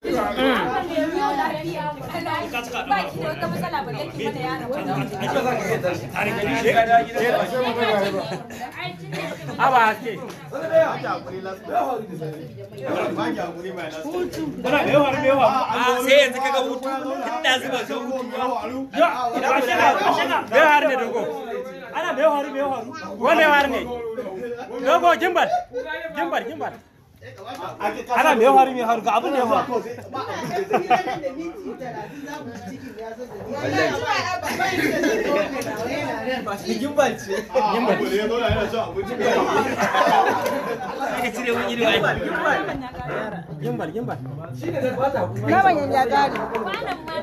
Ana da yawa da yawa. ne. Dogo ana mai hari mai hari ga abin ba ya ba ba ba ba